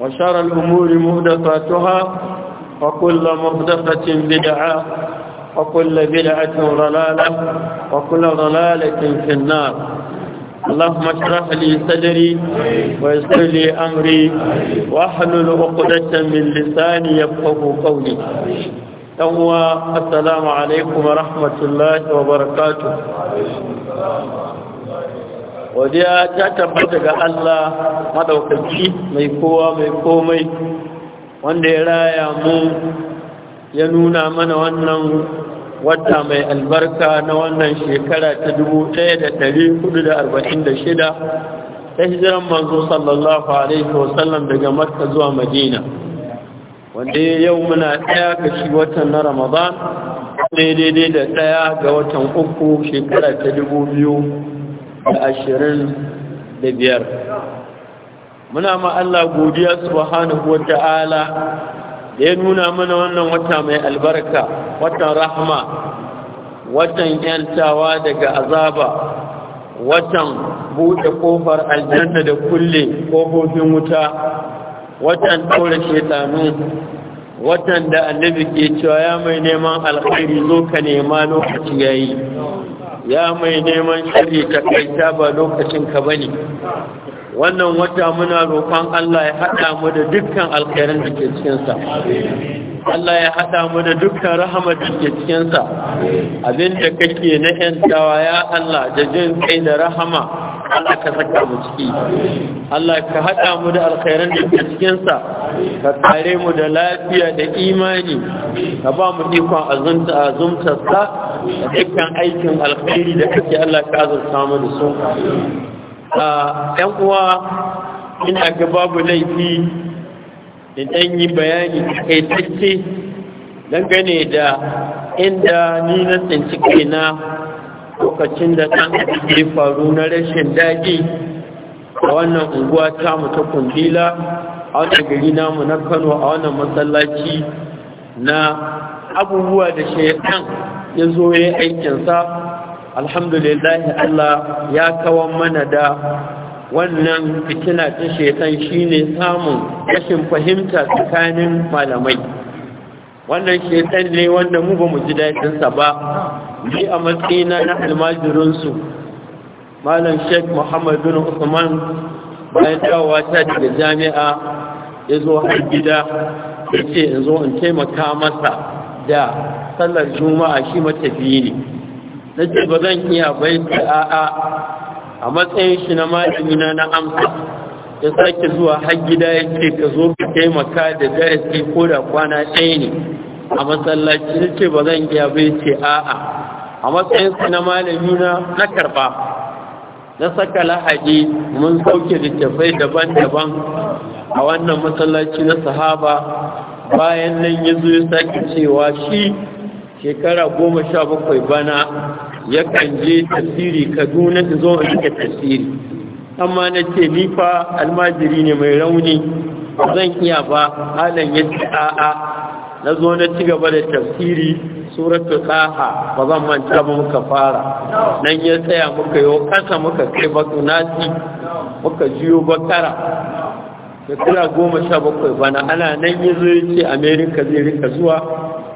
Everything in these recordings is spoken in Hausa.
وشر الأمور مهدفاتها وكل مهدفة بدعة وكل بدعة ضلالة وكل ضلالة في النار اللهم اشرح لي صدري ويسر لي امري واحلل عقدة من لساني يفقه قولي السلام عليكم ورحمة الله وبركاته godiya ta tabbata ga Allah madaukaki mai kowa mai komai wanda ya raya mu ya nuna mana wannan wata mai albarka na wannan shekara ta 1446 ta hijiran manzo sallallahu alaihi wasallam daga makka zuwa madina wanda yau muna ɗaya ga shi watan na ramadan daidai da ɗaya ga watan uku shekara ta biyu. da ashirin da biyar muna ma Allah godiya subhanahu wata'ala da ya nuna mana wannan wata mai albarka watan rahma watan yantawa daga azaba watan buɗe ƙofar aljanna da kulle ƙofofin wuta watan ɗaure shetanu watan da annabi ke cewa ya mai neman alƙari zo ka nema lokaci yi. ya mai neman shiri ta ba lokacin ka bane wannan wata muna roƙon Allah ya haɗa mu da dukkan alkhairin da ke cikinsa Allah ya haɗa mu da dukkan rahama da cikinsa abinda kake na ‘yantawa ya Allah da jin kai da rahama Allah ka saka mu ciki Allah ka haɗa mu da alkhairan da ke cikinsa ka kare mu da lafiya da imani ka ba mu ikon azumta sa. da dukkan aikin alkhairi da kake Allah ka azurta mu da su ah, ‘yan uwa ina ga babu laifi da ɗan yi bayani kaitacce dangane da inda ni na tsinci lokacin da ɗan ke faru na rashin daɗi a wannan unguwa ta mu ta kundila a wannan gari namu na kano a wannan masallaci na abubuwa da shaitan ya zo ya aikinsa alhamdulillah Allah ya kawo mana da wannan fitina ta shaitan shine samun rashin fahimta tsakanin malamai wannan shaitan ne wanda mu ba mu ji daɗinsa ba ni a matsayina na almajirinsu malam sheikh muhammad bin usman bayan dawowa ta daga jami'a ya zo har gida ya ce in zo in taimaka masa da sallar juma'a shi matafiyi ne na ce ba zan iya bai a'a a matsayin shi na malamina na amsa ya sake zuwa har gida ya ce ka zo ka taimaka da darasi ko da kwana ɗaya ne a masallaci ya ce ba zan iya bai ce a'a a matsayin shi na malamina na karɓa na saka lahadi mun sauke littattafai daban-daban a wannan masallaci na sahaba bayan nan ya zo ya sake cewa shi shekara goma sha bakwai bana yakan je tasiri kaduna da zo a amma na ce ni fa almajiri ne mai rauni zan iya ba halan ya ce a'a na zo na ci gaba da tafsiri suratu kaha ba zan manta ba muka fara nan ya tsaya muka yi kasa muka kai baku nasi muka jiyo bakara kira goma sha bakwai bana ana nan ya ya ce amerika zai rika zuwa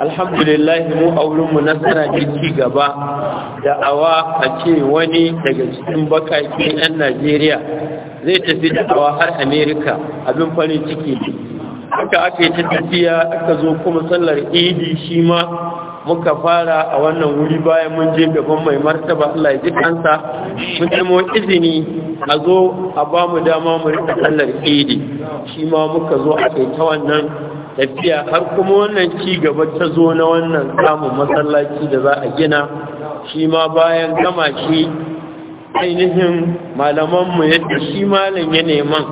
alhamdulillah mu a mu nasara ke gaba da awa a ce wani daga cikin bakaki 'yan najeriya zai tafi da awa har amerika abin farin ciki ne haka aka yi ta tafiya aka zo kuma sallar idi shi ma muka fara a wannan wuri bayan mun je gaban mai martaba Allah ya ji kansa mun nemo izini a zo a ba mu dama mu rika sallar idi shi ma muka zo a kai ta wannan tafiya har kuma wannan ci gaba ta zo na wannan kamun masallaci da za a gina shi ma bayan gama shi ainihin malamanmu yadda shi malam ya neman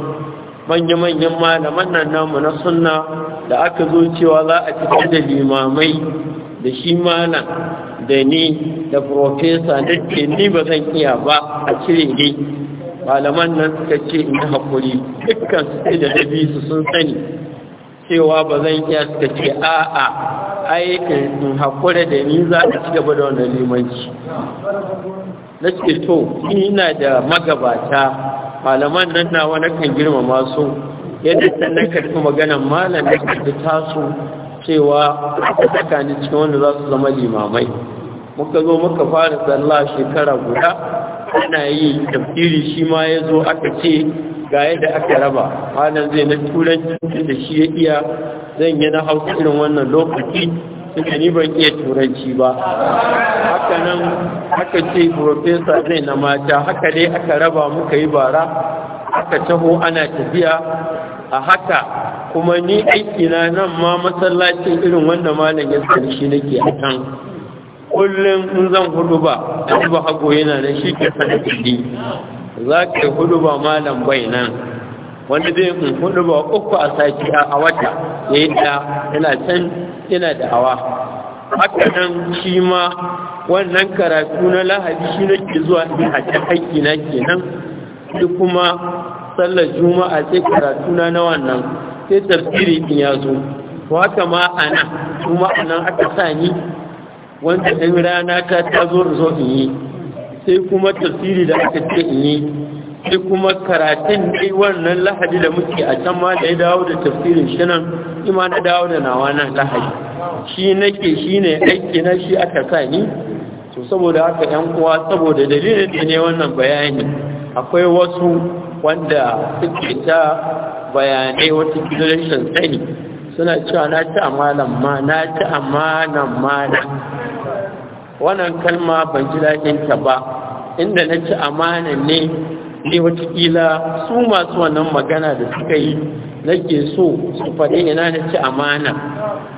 manya-manyan malaman nan namu na sunna da aka zo cewa za a cikin da limamai da shi malam da ni da profesa da ke ni ba zan iya ba a cire ne malaman nan suka ce in haƙuri dukkan su da dabi su sun sani cewa ba zan iya suka ce a'a ai in haƙura da ni za a ci gaba da wannan limanci na ce to ina da magabata malaman nan na wani kan girmama su yadda na karfi maganan malam da karfi taso cewa a tsakanin cikin wanda za su zama limamai muka zo muka fara sallah shekara guda ana yi tafsiri shi ma ya zo aka ce ga yadda aka raba malam zai na turanci da shi ya iya zan yi na hausa irin wannan lokaci su ni ban iya turanci ba haka nan haka ce profesa zai na mata haka dai aka raba muka yi bara aka taho ana tafiya a haka kuma ni aikina nan ma masallacin irin wanda malam ya shi nake a kullum in zan hudu ba a ba hago na da shi ke da za ka hudu ba malam bai nan wanda zai in hudu ba uku a sati a wata ya yi da yana can yana da hawa haka nan shi ma wannan karatu na lahadi shi ke zuwa a hajji haƙƙi na kenan shi kuma sallar juma'a sai karatu na na wannan sai tafsiri in ya zo haka ma a nan kuma nan aka sa ni wanda ɗin rana ta ta zo in yi sai kuma tafsiri da aka ce in yi sai kuma karatun dai wannan lahadi da muke a can ma da ya dawo da tafsirin shi nan ima na dawo da nawa nan lahadi shi nake shi ne aiki na shi aka sa ni to saboda haka yan uwa saboda dalilin da ne wannan bayani akwai wasu wanda suke ta bayanai wata kilashin sani suna cewa na ci amalan ma na ci amalan ma wannan kalma ban ji daɗinta ba inda na ci amanan ne ne watakila su masu wannan magana da suka yi nake so su faɗi ina na ci amana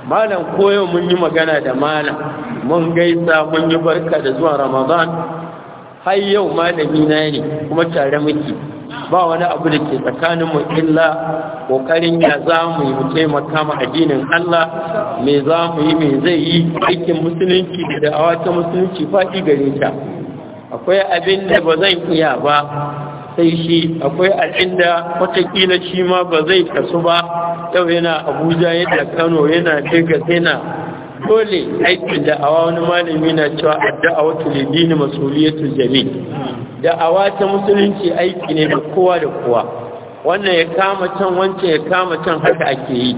malam koyo mun yi magana da malam mun gaisa mun yi barka da zuwa ramadan har yau malamina ne kuma tare muke ba wani abu da ke tsakaninmu illa ƙoƙarin ya za mu yi mu taimaka ma addinin Allah me za mu yi me zai yi aikin musulunci da da'awa musulunci faɗi gare ta akwai abin da ba zan iya ba sai shi akwai abinda watakila shi ma ba zai kasu ba yau yana abuja yana kano yana daga yana dole aikin da'awa wani malami na cewa addu'a wata lidini masuliyatu jami da'awa ta musulunci aiki ne da kowa da kowa wannan ya kama can wancan ya kama can haka ake yi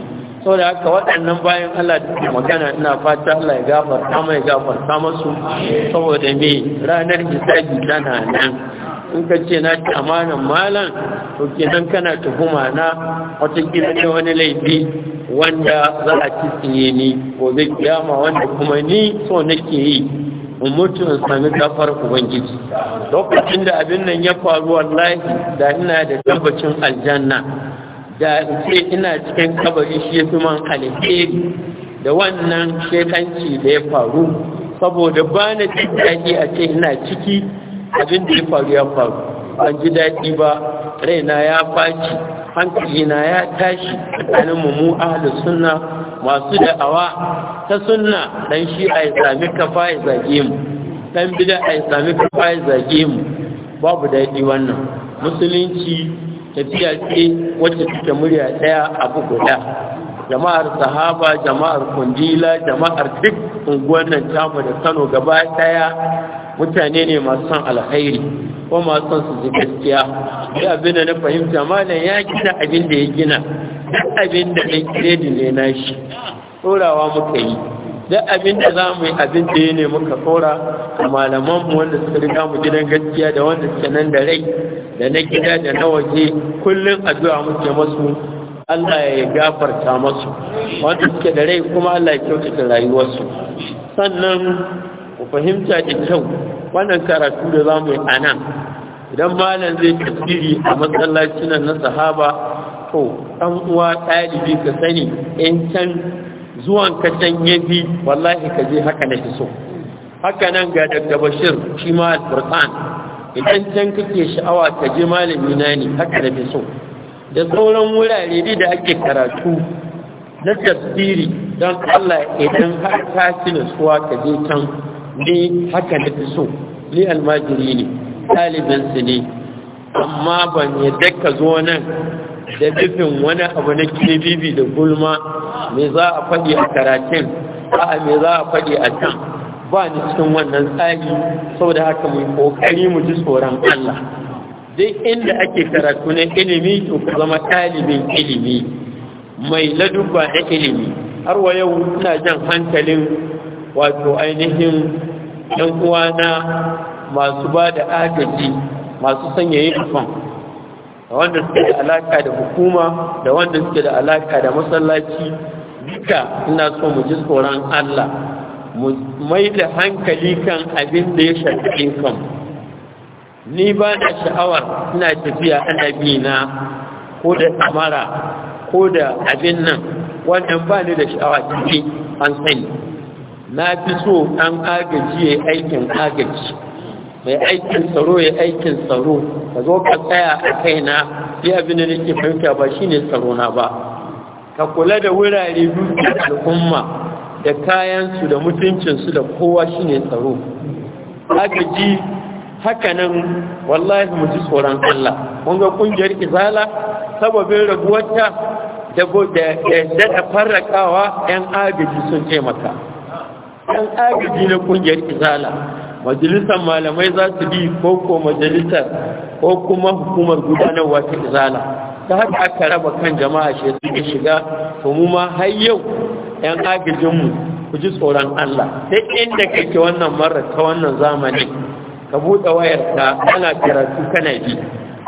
saboda haka waɗannan bayan Allah da magana ina fata Allah ya gafarta mai gafarta masu saboda mai ranar hisabi tana nan in ka ce na ci amanan malam to kenan kana tuhuma na watakila ne wani laifi wanda za a ci tsiye ni gobe kiyama wanda kuma ni so nake yi in mutu in sami kafar ubangiji lokacin da abin nan ya faru wallahi da ina da tabbacin aljanna da ce ina cikin kabari shi ya fi man alheri da wannan shekanci da ya faru saboda ba na jin a ce ina ciki abin da ya faru ya faru ban ji daɗi ba raina ya faci hankalina ya tashi tsakanin mu ahli sunna masu da'awa ta sunna dan shi a sami kafa ya zage mu dan bida a sami kafa ya zage mu babu daɗi wannan musulunci tafiya ce wacce take murya ɗaya abu guda jama'ar sahaba jama'ar kundila jama'ar duk unguwannin nan tamu da kano gaba ɗaya mutane ne masu son alkhairi ko masu son su gaskiya ya abinda na fahimta malam ya gina abin da ya gina duk abin da na kiredi ne na shi tsorawa muka yi duk abin da za mu yi abin da ya ne muka tsora a malamanmu wanda suka riga mu gidan gaskiya da wanda suka nan da rai da na gida da na waje kullum addu'a muke masu Allah ya gafarta masu wanda suke da rai kuma Allah ya kyautata rayuwarsu sannan ku fahimta da kyau wannan karatu da za mu yi a nan idan malam zai tasiri a matsalacin na sahaba to ɗan uwa ɗalibi ka sani in can zuwan ka can yafi wallahi ka je haka na so haka nan ga daga bashir shi ma al idan can kake sha'awa ka je malami na ne haka na so da sauran wurare ne da ake karatu na tafsiri don Allah idan har ka ci nasuwa ka je can ni haka da fi so ni almajiri ne ɗalibinsu ne amma ban yadda ka zo nan da bifin wani abu na bibi da gulma me za a faɗi a karatun a me za a faɗi a can ba ni cikin wannan tsari saboda haka mai ƙoƙari mu ji tsoron Allah duk inda ake karatu na ilimi to ku zama ɗalibin ilimi mai ladubba na ilimi har wa yau ina jan hankalin wato ainihin ɗan uwana masu ba da agaji masu sanya yunifom da wanda suke da alaka da hukuma da wanda suke da alaka da masallaci duka ina so mu ji tsoron Allah mu mai da hankali kan abin da ya shafi kan ni ba da sha'awar ina tafiya ana na ko da tamara ko da abin nan wannan ba ni da sha'awa cikin an sani na fi so an agaji ya aikin agaji mai aikin tsaro ya aikin tsaro ka zo ka tsaya a kaina fi abin da nake fahimta ba shine tsaro na ba ka kula da wurare dukkan al'umma da kayansu da mutuncinsu da kowa shine tsaro agaji hakanan wallahi mu ji tsoron Allah mun ga kungiyar izala sababin rabuwarta da da da farrakawa yan agaji sun taimaka Yan agaji na ƙungiyar izala majalisar malamai za su bi ko majalisar ko kuma hukumar gudanarwa ta izala ta haka aka raba kan jama'a shi suke shiga to mu ma har yau yan agajinmu ku ji tsoron Allah duk inda kake wannan marar ta wannan zamani ka buɗe wayar ta ana karatu kana bi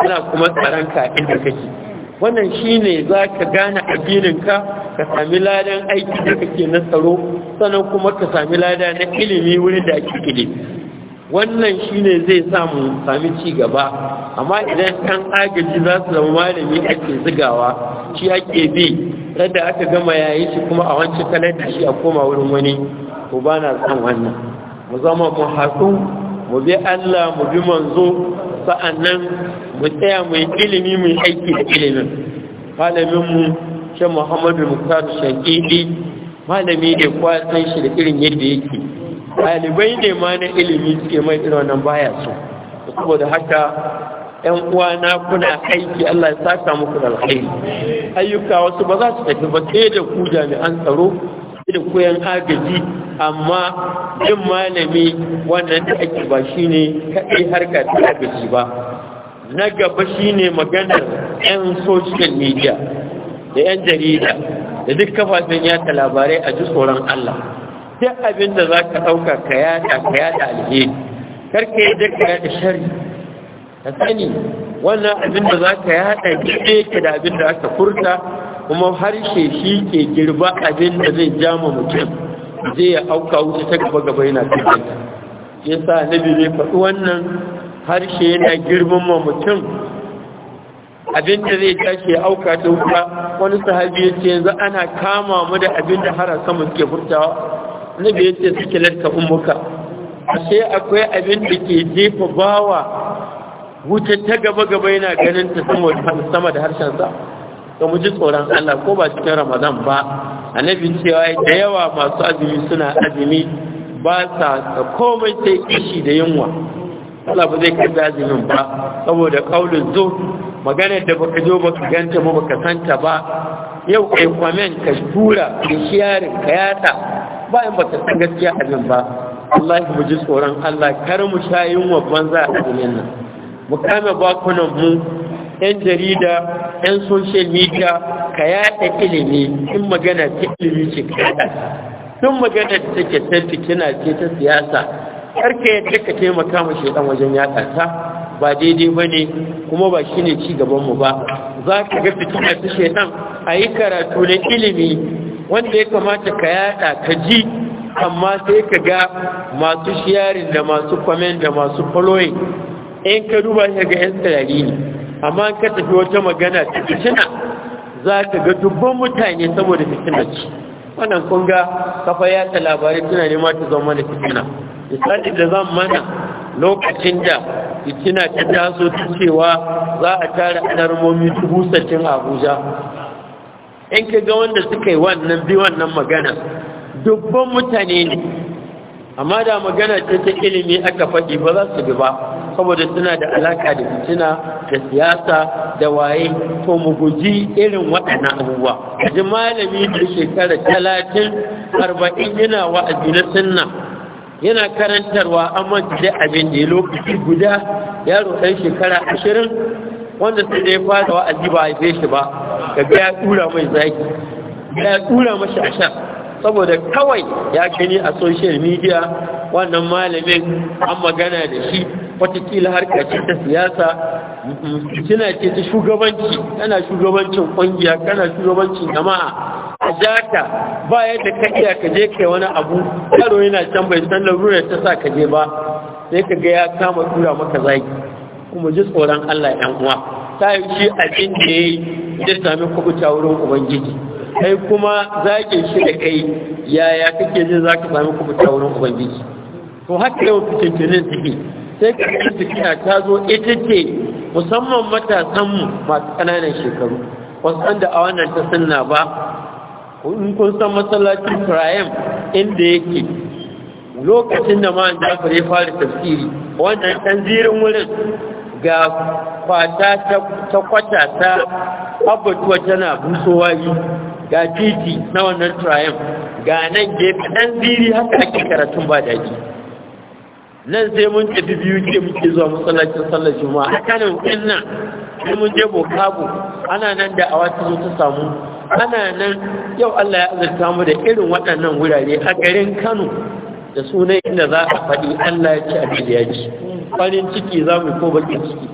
ana kuma tsaron ka inda kake wannan shine za ka gane abininka ka sami ladan aiki da kake na tsaro sannan kuma ka sami lada na ilimi wurin da ake ilimi wannan shine zai samu sami ci gaba amma idan kan agaji za su zama malami ake zigawa shi ake bi yadda aka gama yayi shi kuma a wancan kalar da shi a koma wurin wani ko ba na san wannan mu zama mu hatsu mu bi Allah mu bi manzo sa'annan mu tsaya mu ilimi mu aiki da ilimin malaminmu shi muhammadu muktar shakidi malami da kwasan shi da irin yadda yake ɗalibai ne ma na ilimi suke mai irin wannan baya su saboda haka ‘yan uwana kuna aiki Allah ya saka muku da alkhairi ayyuka wasu ba za su tafi ba sai da ku jami'an tsaro da koyan agaji amma yin malami wannan da ake ba shi ne kaɗai harka ta agaji ba na gaba shi ne maganar 'yan social media da 'yan jarida da duk kafafen yata labarai a ji tsoron Allah duk abin da za ka ɗauka ka yata ka yata alheri karka yi duk ka yada shari ka sani wannan abin da za ka yata gide ka da abin da aka furta kuma harshe shi ke girba abin da zai jama mutum zai ya auka wuce ta gaba gaba yana tafiya ya sa nabi zai faɗi wannan harshe yana girman ma mutum abin da zai tashi ya auka ta wuka wani sahabi ya ce yanzu ana kama mu da abin da har sama suke furtawa nabi ya ce suke latta ummuka ashe akwai abin da ke jefa bawa wuce ta gaba gaba yana ganin ta sama da harshen sa. Ka mu ji tsoron Allah ko ba cikin Ramadan ba annabi cewa da yawa masu azumi suna azumi ba sa komai sai kishi da yunwa Allah ba zai kada azumin ba saboda kaulin zo maganar da baka zo baka ganta ba baka santa ba yau kai kwamen ka tura da shiyarin ka yata bayan baka san gaskiya azumin ba Allah mu ji tsoron Allah kar mu sha yunwa banza a azumin nan mu kame bakunan mu 'yan jarida 'yan social media ka yaɗa ilimi in magana ta ilimi ce sun magana da ke ta fitina ce ta siyasa karka yadda ka taimaka mu shaidan wajen ya ta ba daidai ba ne kuma ba shi ne ci gabanmu ba za ka ga fitina ta shaidan a yi karatu na ilimi wanda ya kamata ka yaɗa ka ji amma sai ka ga masu shiyarin da masu kwamen da masu following in ka duba shi ga 'yan tsirari ne amma an ka tafi wata magana ta fitina za ka ga dubban mutane saboda fitina ce wannan kunga kafa yata labarai tana nema ta zama da fitina misali da zan mana lokacin da fitina ta taso ta cewa za a tara alarmomi dubu sattin abuja in ka ga wanda suka yi wannan bi wannan magana dubban mutane ne amma da magana ce ta ilimi aka faɗi ba za su bi ba saboda suna da alaka da fitina da siyasa da waye to mu guji irin waɗannan abubuwa ji malami da shekara talatin arba'in yana wa'azi na sunna yana karantarwa amma da abin da ya lokaci guda yaro ɗan shekara ashirin wanda su dai fara wa'azi ba bai shi ba ga ya tura mai zaki ya tura mashi ashar saboda kawai ya gani a social media wannan malamin an magana da shi watakila harkacin ta siyasa kina mm, mm, ce ta shugabanci kana shugabancin kungiya kana shugabancin jama'a a jaka ba yadda ka iya ka je kai wani abu yaro yana can bai san larurar ta sa ka je ba sai ka ga ya kama tura maka zaki kuma ji tsoron Allah 'yan uwa ta yi shi abin da ya yi ya sami kubuta wurin ubangiji kai kuma zaƙin shi da kai yaya kake jin za ka sami kuma ta wurin ubangiji to haka yau fitintinin suke sai ka ƙarfin fitina ta zo ita ce musamman matasanmu masu ƙananan shekaru wasu da a wannan ta sunna ba in kun san masallacin firayim inda yake lokacin da ma'an jafar fara tafsiri wannan tanzirin wurin ga kwata ta kwata ta abubuwa tana busowa yi ga titi na wannan turayen ga nan gefe ɗan ziri haka ake karatun ba daji nan sai mun tafi biyu ce muke zuwa masallacin sallar juma a kanin nan sai mun je bokago ana nan da awa ta zo ta samu ana nan yau allah ya azurta mu da irin waɗannan wurare a garin kano da sunan inda za a faɗi allah ya ci abin ya ci farin ciki za mu ko bakin ciki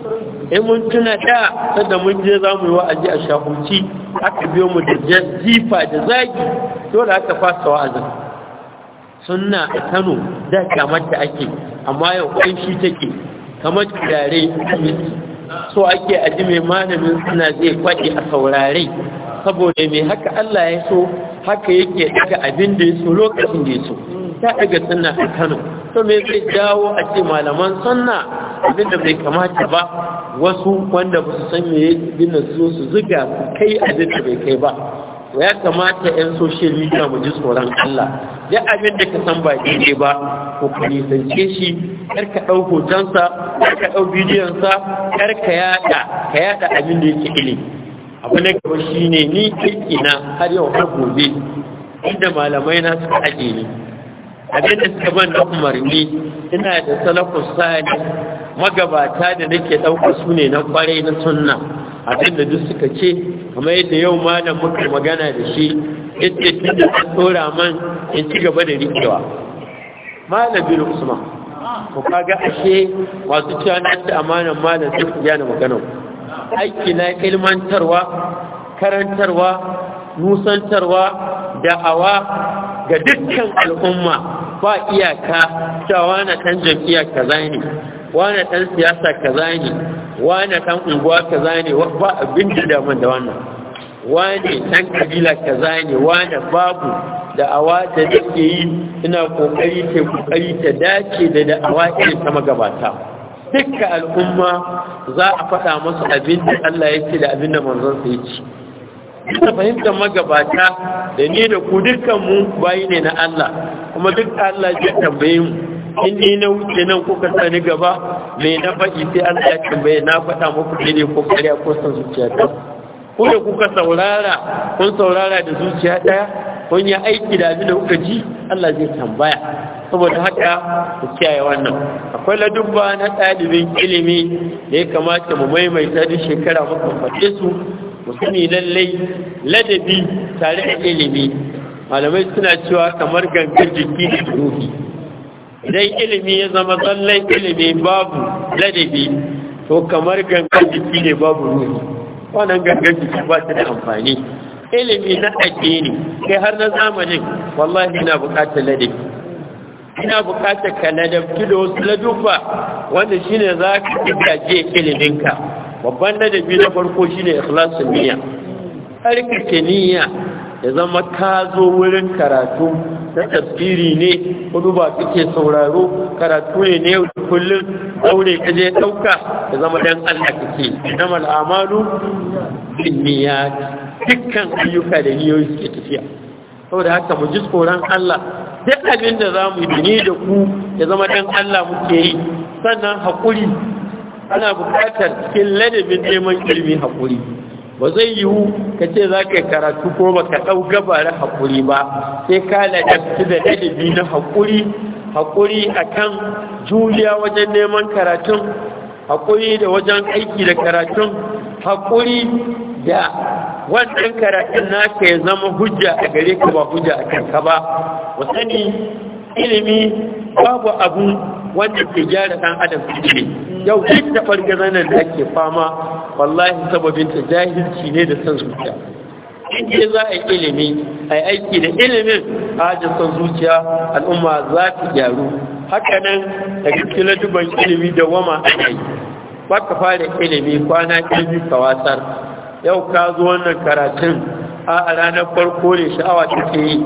in mun tuna ɗaya, sadda mun je za mu yi wa'azi a shahuci aka biyo mu da jifa da zagi dole aka fasa wa'azin suna a kano da kamar da ake amma yau kwan shi take kamar turare so ake aji mai malamin suna zai kwaɗi a saurare saboda mai haka Allah ya so haka yake daga abin da ya so lokacin da ya so ta daga suna a kano to me zai dawo a ce malaman suna abin da bai kamata ba wasu wanda ba su san meye dinna su su zuga su kai abin da bai kai ba ya kamata 'yan social media mu ji tsoron Allah ya abin da ka san ba ke ba ko ka nisance shi kar ka ɗau hotonsa kar ka ɗau bidiyonsa kar ka yada ka yada abin da yake ilimi abu na gaba ne ni kirkina har yau har gobe inda malamai na suka ajiye. ni abin da suka ban da umarni ina da salafus salih magabata da nake ɗauka su ne na kwarai na sunna abinda duk suka ce kamar yadda yau ma da muka magana da shi yadda shi da ta tsora man in ci gaba da rikewa malabi usman ku kaga ashe masu cewa na ci amanan malam sai ku gane magana aiki na ilmantarwa karantarwa nusantarwa da'awa ga dukkan al'umma ba iyaka cewa na kan jam'iyya kaza ne Wane ɗan siyasa kaza ne Wane ɗan unguwa kaza ne ba abin da daman da wannan Wane ɗan kabila kaza ne Wane babu da awa da take yi ina kokari ta kokari ta dace da awa irin ta magabata dukkan al'umma za a faɗa musu abin da Allah ya da abin da manzon sa ya ina fahimtar magabata da ni da ku dukkan mu bayi ne na Allah kuma duk Allah ya tambaye mu in ni na wuce nan kuka sani gaba me na faɗi sai an ya bai na faɗa muku daidai ko kariya ko san zuciya ta ko da kuka saurara kun saurara da zuciya ɗaya kun yi aiki da abin da kuka ji Allah zai tambaya saboda haka ku kiyaye wannan akwai ladubba na ɗalibin ilimi da ya kamata mu maimaita duk shekara mu faɗe su mu sani lallai ladabi tare da ilimi malamai suna cewa kamar gangar jiki da ruhi idan ilimi ya zama tsallon ilimi babu ladabi to kamar gangan jiki ne babu ruhi wannan gangan jiki ba ta da amfani ilimi na ne, kai har na zamanin wallahi ina buƙatar ladabi ina buƙatar ka ladabci da wasu ladubba wanda shi ne za ka je iliminka babban ladabi na farko shi shine miya. niyya tsarkake niyya ya zama ka zo wurin karatu na tafsiri ne kudu ba kake sauraro karatu ne ne yau da kullum daure ka je dauka da zama dan Allah kake inama al'amalu niyyat dukkan ayyuka da niyoyi suke tafiya saboda haka mu ji tsoron Allah duk abin da za mu yi da ku ya zama dan Allah muke yi sannan haƙuri ana buƙatar cikin ladabin neman ilimin haƙuri ba zai yiwu ka ce za ka karatu ko ba ka ɗau gaba haƙuri ba sai ka ladabci da ɗalibi na haƙuri haƙuri a kan juriya wajen neman karatun haƙuri da wajen aiki da karatun haƙuri da wannan karatun naka ya zama hujja a gare ka ba hujja a kanka ba wasani ilimi babu abu wanda ke gyara ɗan adam ne yau duk da fargazan nan da ake fama wallahi sababin ta jahilci ne da san zuciya in ke za a yi ilimi a aiki da ilimin a hajji san zuciya al'umma za ta gyaru haka nan daga cikin duban ilimi da wama a yi ba ka fara ilimi kwana ilimi ka wasar yau ka zo wannan karatun a ranar farko ne sha'awa take yi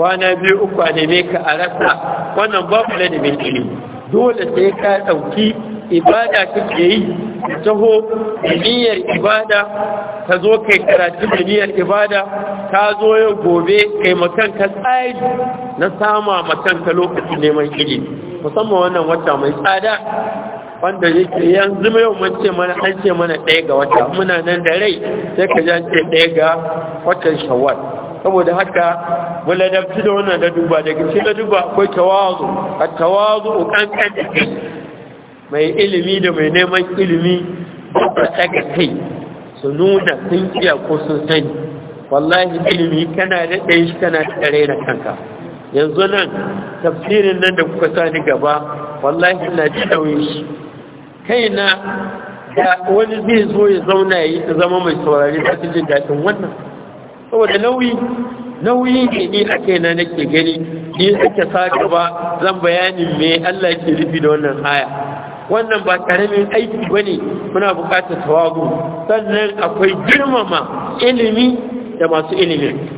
kwana biyu uku a neme ka a rasa wannan babu ladabin ilimi dole sai ka ɗauki ibada kake yi ka taho niyyar ibada ka zo kai karatu da niyyar ibada ka zo yau gobe kai makanka tsari na sama makanka lokaci neman iri. musamman wannan wata mai tsada wanda yake yanzu mai yawan ce mana an ce mana ɗaya ga wata muna nan da rai sai ka jan ce ɗaya ga watan shawar saboda haka wala da da wannan da duba daga cikin da duba akwai tawazu at tawazu kankan da mai ilimi da mai neman ilimi ta saka kai su nuna sun kiya ko sun sani wallahi ilimi kana da ɗaya shi kana da kanka yanzu nan tafsirin nan da kuka sani gaba wallahi ina ji nauyin shi kaina da wani zai zo ya zauna ya zama mai saurari ta jin daɗin wannan saboda nauyi nauyi ne ni a kaina nake gani ni ake sa gaba zan bayani me Allah ke rufi da wannan aya wannan ba karamin aiki bane muna buƙatar tawagu sannan akwai girmama ilimi da masu ilimi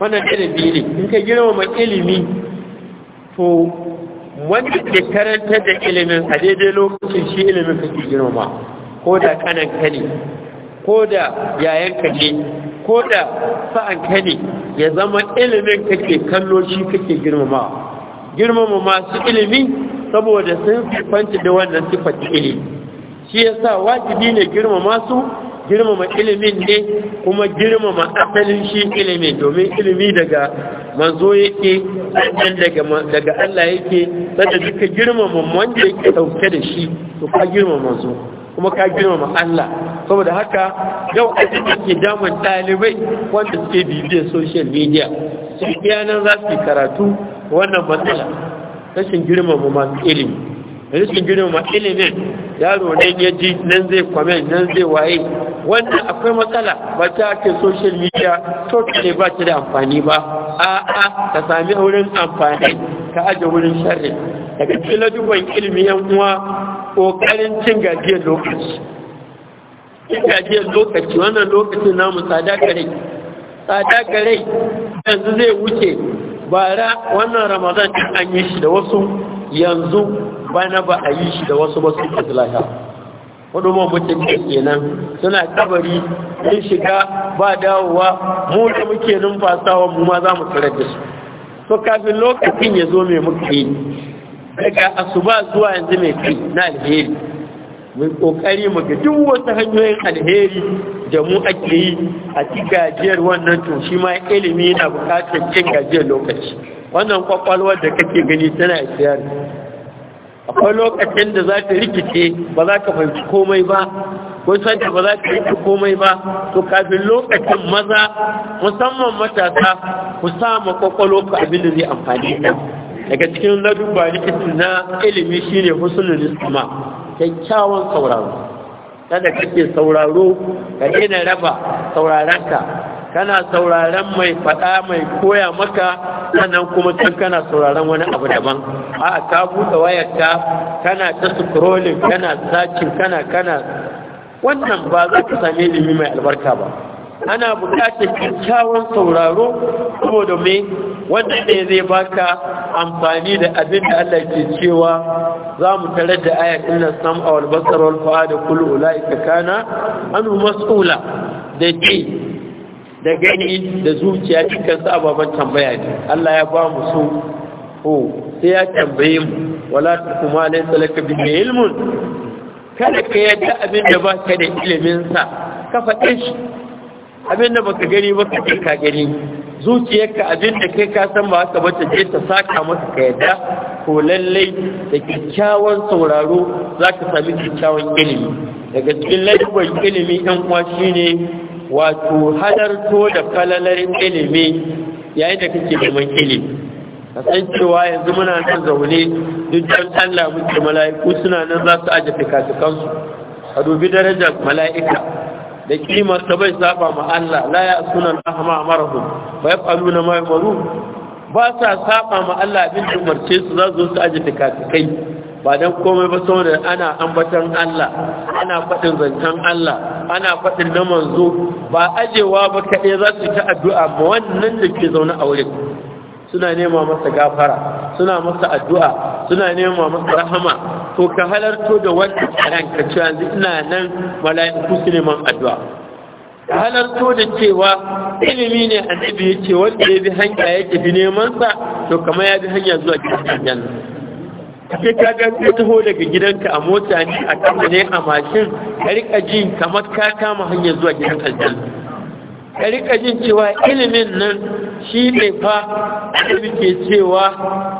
wannan ilimi ne in ka girmama ilimi to wanda ke karanta da ilimin a daidai lokacin shi ilimin kake girmama ko da kanan ne ko da yayanka ne ko da sa'an ka ne ya zama ilimin kake kallo shi kake girmama girmama masu ilimi saboda sun fanci da wannan sifat ilimi shi ya yasa wajibi ne girmama su girmama ilimin ne kuma girmama asalin shi ilimin domin ilimi daga manzo yake ɗan daga Allah yake sanda duka girmama wanda yake ɗauke da shi to ka girmama su. kuma ka girmama Allah saboda haka yau abin da ke damun ɗalibai wanda suke bibiyar social media sun nan za su karatu wannan matsala rashin girmama masu ilimi rashin girmama ilimin yaro ne, ya ji nan zai kwamen nan zai waye wannan akwai matsala ba ta ake social media to ne ba ta da amfani ba a'a ka sami wurin amfani ka aje wurin sharri daga cikin ladubban ilimi yan uwa ƙoƙarin cin gajiyar lokaci cin gajiyar lokaci wannan lokacin namu tsada kare tsada kare yanzu zai wuce bara wannan ramadan an yi shi da wasu yanzu bana ba a yi shi da wasu ba su kasilata wadda ma mutum kenan suna kabari sun shiga ba dawowa mu da muke numfasawa mu ma za mu tsirar da su to kafin lokacin ya zo mai muke yi daga asuba zuwa yanzu mai kai na alheri mai kokari mu ga duk wasu hanyoyin alheri da mu ake yi a ci gajiyar wannan to shi ma ilimi na bukatar cin gajiyar lokaci wannan kwakwalwar da kake gani tana isiyar akwai lokacin da za ta rikice ba za ka fahimci komai ba ko sanda ba za ka rikice komai ba to kafin lokacin maza musamman matasa ku sa ma kwakwalwa abinda abin da zai amfani da daga cikin ladubba likita na ilimi shine husnul istima kyakkyawan sauraro kada kake sauraro ka daina raba saurarenka kana sauraren mai faɗa mai koya maka sannan kuma can kana sauraren wani abu daban a ka buɗe wayarka kana ta scrolling kana sacin kana kana wannan ba za ka sami ilimi mai albarka ba ana buƙatar kyakkyawan sauraro saboda me wanda ne zai baka amfani da abin da Allah ke cewa za mu tare da ayat inna sam a basar wal da kullu ulaika kana anu, mas'ula da ji da gani da zuciya cikin sa ababan tambaya ne Allah ya ba mu su ko sai ya tambaye mu wala kuma laysa salaka bi ilmun kada ka yadda abin da ba ka da ilimin sa ka faɗe shi abin da baka gani ba ka ka gani zuciyarka abin da kai ka san ba haka ba ta je ta saka masa ka yadda ko lallai da kyakkyawan sauraro za ka sami kyakkyawan ilimi daga cikin ladabin ilimi ɗan uwa shine wato halarto da falalar ilimi yayin da kake neman ilimi a san cewa yanzu muna nan zaune duk don Allah muke mala'iku suna nan za su aje fikafikansu a dubi darajar mala'ika da kimar ta bai saba ma Allah la ya sunan ahma amarahum wa na ma yumaru ba sa saba ma Allah bin umarce su za su su aje takakai ba dan komai ba saboda ana ambatan Allah ana fadin zancan Allah ana fadin na manzo ba ajewa ba kaɗai za su ta addu'a ba wannan da ke zauna a wurin suna nema masa gafara suna masa addu'a suna nema masa rahama to ka halarto da wannan karan ka ci yanzu ina nan mala'iku su neman addu'a ka halarto da cewa ilimi ne annabi ya ce wanda ya bi hanya ya tafi neman sa to kamar ya bi hanya zuwa gidan janna sai ka ga ka taho daga gidanka a mota ne a kan ne a mashin ka rika jin kamar ka kama hanya zuwa gidan aljanna karika jin cewa ilimin nan shi ne fa da ke cewa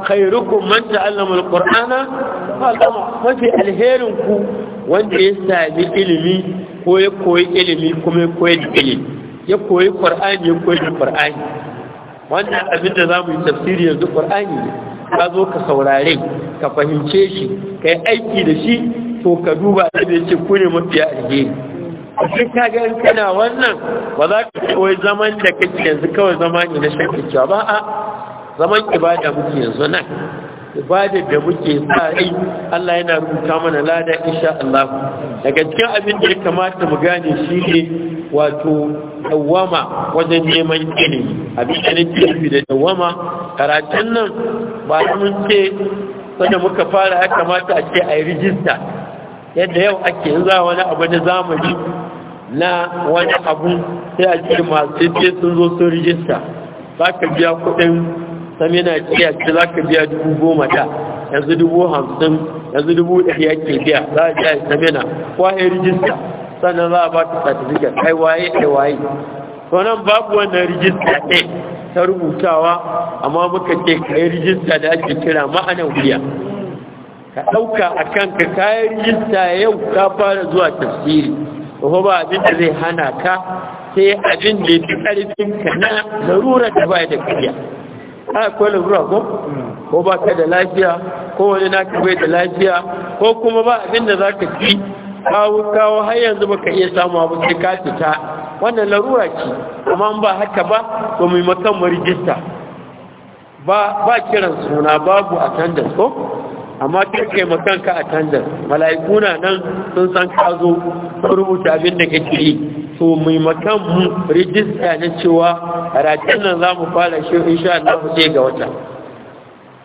khairukum man ta'allama alqur'ana fa'allama mafi alherin ku wanda ya sami ilimi ko ya koyi ilimi kuma ya koyi ilimi ya koyi qur'ani ya koyi qur'ani wannan abin da zamu yi tafsiri yanzu qur'ani ka zo ka saurare ka fahimce shi kai aiki da shi to ka duba da ce ku ne mafi alheri sai ka ga kana wannan ba za ka ce wai zaman da kake yanzu kawai zama ne na shan kicciya ba a zaman ibada muke yanzu nan ibada da muke sa rai Allah yana rubuta mana lada insha Allah daga cikin abin da ya kamata mu gane shi ne wato dawama wajen neman ilimi abin da nake nufi da dawama karatun nan ba mun ce sanda muka fara ya kamata a ce a yi rijista yadda yau ake zuwa wani abu na zamani na wani abu sai a ce masu sai sun zo sun rijista za ka biya kuɗin samina na ce za ka biya dubu goma da yanzu dubu hamsin yanzu dubu ɗari ya ke biya za a biya samina kwaye rijista sannan za a ba ta certificate ai waye ai waye to nan babu wannan rijista ɗin ta rubutawa amma muka ce kai rijista da ake kira ma'anar wuya ka ɗauka a kanka kayan rijista yau ka fara zuwa tafsiri ko ba abin da zai hana ka sai abin da ya karfin ka na larura da bai da kariya a akwai larura ko ko ba ka da lafiya ko wani naka bai da lafiya ko kuma ba abin da za ka ci kawo kawo har yanzu baka iya samu abu sai ka fita wannan larura ce amma ba haka ba ko mai makan mu ba kiran suna babu tandas ko amma kai kai makanka a tandan mala'iku nan sun san kazo sun rubuta abin da kake yi to mai makan mu rijista na cewa karatun nan za mu fara shi insha Allah sai ga wata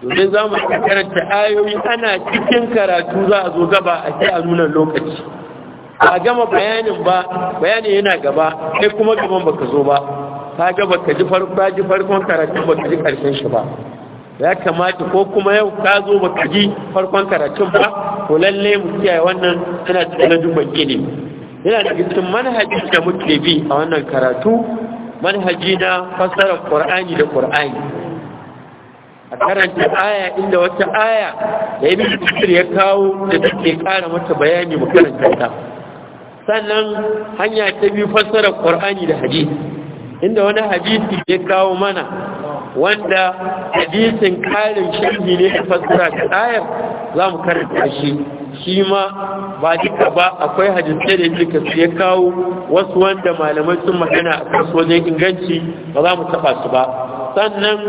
domin za mu karanta ayoyi ana cikin karatu za a zo gaba a sai a nuna lokaci a gama bayanin ba bayani yana gaba kai kuma gaban baka zo ba ka ga baka ji farkon karatun baka ji karshen shi ba ya kamata ko kuma yau ka zo ba ka ji farkon karatun ba ko lalle mu kiyaye wannan tana cikin dubban ilimi yana da cikin manhaji da muke bi a wannan karatu manhaji na fassara qur'ani da qur'ani a karanta aya inda wata aya da ibn kasir ya kawo da take kara mata bayani mu karanta ta sannan hanya ta biyu fassara qur'ani da hadisi inda wani hadisi ya kawo mana wanda hadisin karin shirgi ne a fassara ta ayar za mu karanta shi shi ma ba duka ba akwai hadisai da yake su ya kawo wasu wanda malamai sun magana a kasu wajen inganci ba za mu taɓa su ba sannan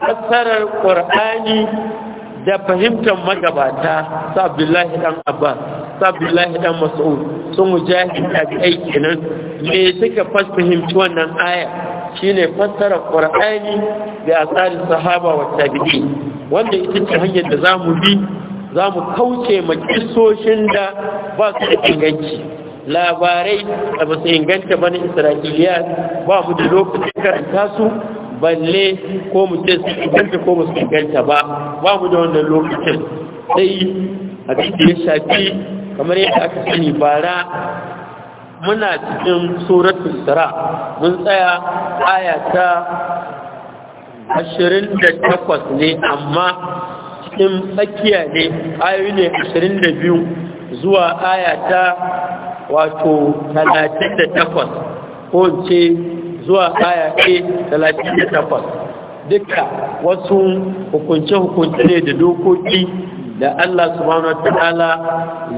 fassarar ƙur'ani da fahimtar magabata sa Abdullahi dan Abbas sa dan Mas'ud sun mujahid da kai me suka fahimci wannan aya shine fassara qur'ani da asali sahaba wa tabi'i wanda ita ce hanyar da zamu bi zamu kauce ma kissoshin da ba su da inganci labarai da ba su inganta bane isra'iliya ba mu da lokacin karanta su balle ko mu ce su inganta ko mu su inganta ba ba mu da wannan lokacin sai a cikin shafi kamar yadda aka sani bara muna cikin suratun tara mun tsaya aya ta 28 ne amma cikin tsakiya ne ayoyi ne 22 zuwa aya ta wato 38 ko ce zuwa aya da 38 duka wasu hukunce-hukunce ne da dokoki da Allah subhanahu wa ta'ala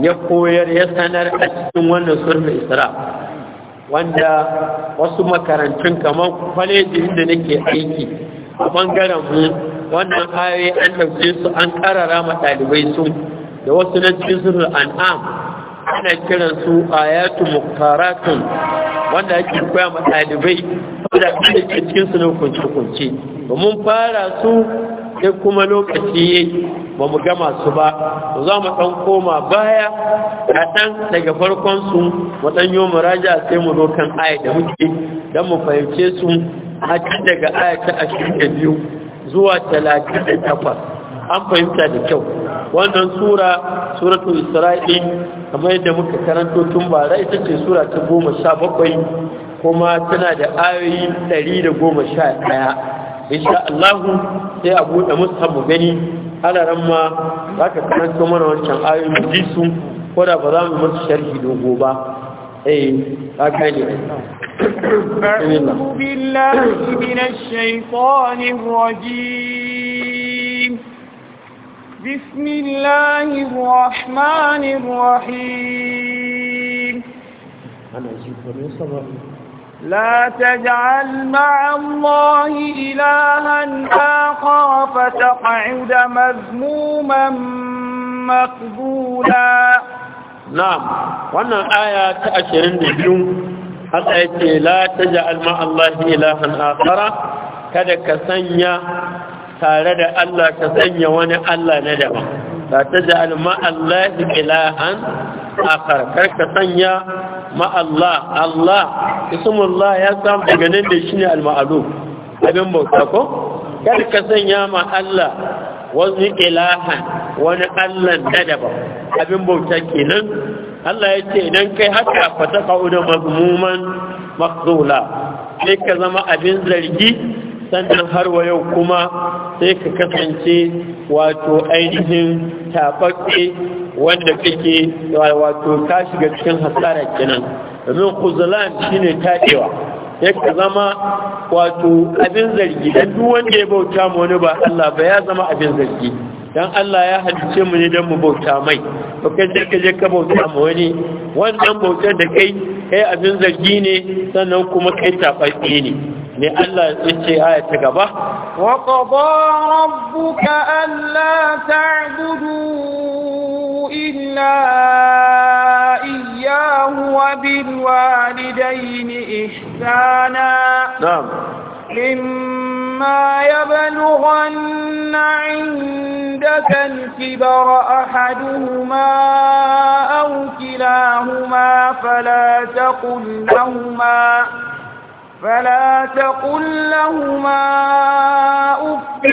ya koyar ya sanar a cikin wannan surna isra wanda wasu makarantun kamar kwalejin da nake aiki a bangaren mu wannan ayoyi an ɗauke su an ƙarara ma ɗalibai su da wasu na cikin surul an'am ana kiran su ayatu mukaratun wanda ake koya ma ɗalibai wanda ake cikin su na kunce-kunce domin fara su sai kuma lokaci ba mu gama su ba za mu ɗan koma baya kaɗan daga farkon su mu ɗan yi muraja sai mu zo kan aya da muke don mu fahimce su a tun daga aya ta ashirin da biyu zuwa talatin da takwas an fahimta da kyau wannan sura suratu israi kamar yadda muka karanto tun bara ita ce sura ta goma sha bakwai kuma tana da ayoyi ɗari da goma sha ɗaya insha Allah sai a buɗe mushaf mu gani alaran ma zaka kana karanto mana wancan ayoyi mu ji su ko da ba za mu musu sharhi dogo ba eh ka ne أعوذ بالله من الشيطان الرجيم بسم الله الرحمن الرحيم أنا أجيب من صبر لا تجعل مع الله إلها آخر فتقعد مذموما مقبولا نعم وانا آية تأشرين بيوم حتى لا تجعل مع الله إلها آخر kada ka sanya tare da Allah ka sanya wani Allah na daban la taj'al ma Allah ilahan akhar karka sanya ma Allah Allah ismullah ya samu daga nan da shine al-ma'lum abin bauta ko kar ka sanya ma Allah wani ilahan wani Allah da abin bauta kenan Allah ya ce idan kai haka fa ta mazmuman maqdula sai ka zama abin zargi sannan har wa yau kuma sai ka kasance wato ainihin tafafe wanda kake wato ka shiga cikin hasara kenan domin kuzulan shine taɗewa ya ka zama wato abin zargi dan duk wanda ya bauta mu wani ba Allah ba ya zama abin zargi dan Allah ya halice mu ne dan mu bauta mai to kai da kaje ka bauta mu wani wannan bautar da kai kai abin zargi ne sannan kuma kai tafafe ne ne Allah ya ce aya ta gaba wa qada rabbuka an la ta'budu illa iyyahu wa bil walidayni ihsana na'am mimma yablughanna 'indaka kibara ahaduhuma aw kilahuma fala taqul فلا تقل لهما أف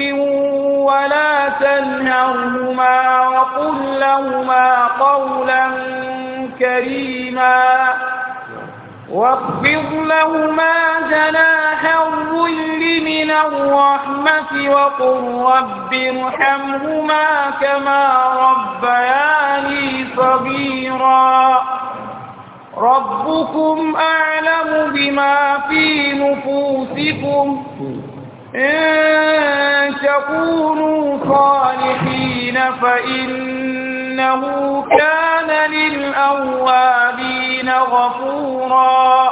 ولا تنهرهما وقل لهما قولا كريما واخفض لهما جناح الظل من الرحمة وقل رب ارحمهما كما ربياني صغيرا ربكم أعلم بما في نفوسكم إن تكونوا صالحين فإنه كان للأوابين غفورا